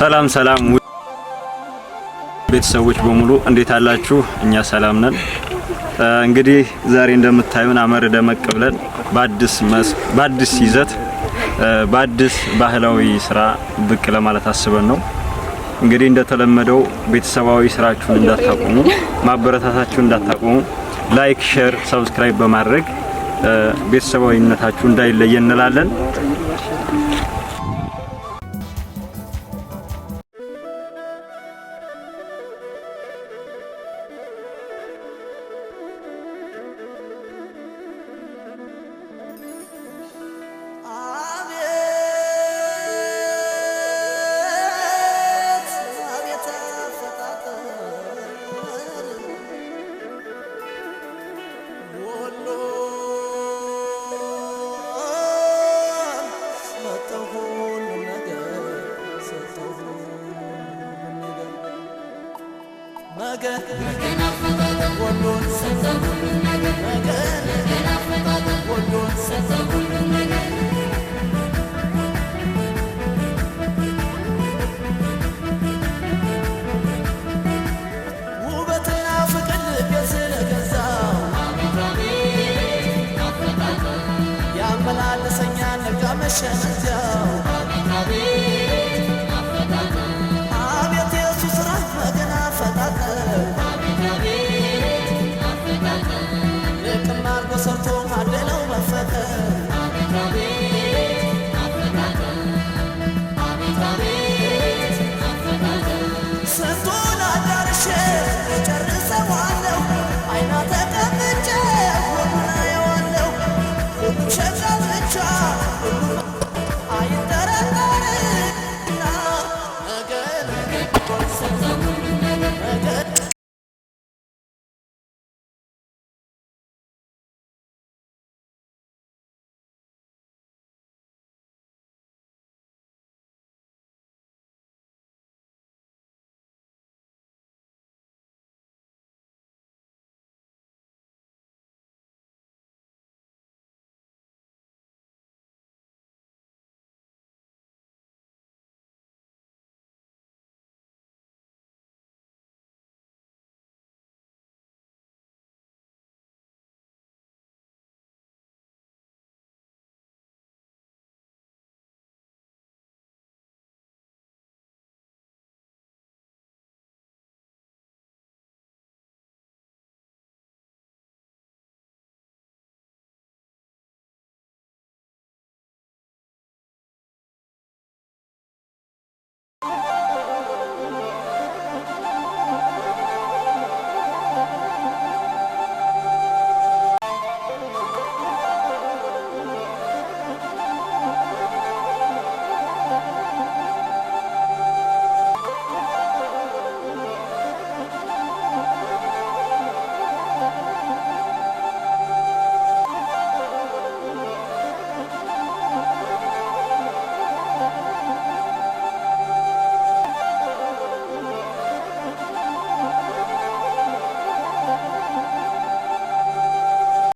ሰላም ሰላም ቤተሰቦች በሙሉ እንዴት አላችሁ? እኛ ሰላም ነን። እንግዲህ ዛሬ እንደምታዩን አመር ደመቅ ብለን በአዲስ በአዲስ ይዘት በአዲስ ባህላዊ ስራ ብቅ ለማለት አስበን ነው። እንግዲህ እንደተለመደው ቤተሰባዊ ስራችሁን እንዳታቆሙ፣ ማበረታታችሁን እንዳታቆሙ፣ ላይክ፣ ሼር፣ ሰብስክራይብ በማድረግ ቤተሰባዊነታችሁ እንዳይለየ እንላለን። ነገ ወዶን ነገ ወዶን ውበትና ፍቅር ልቤን ስለገዛው ያመላለሰኛ ነጋ መሸነጃ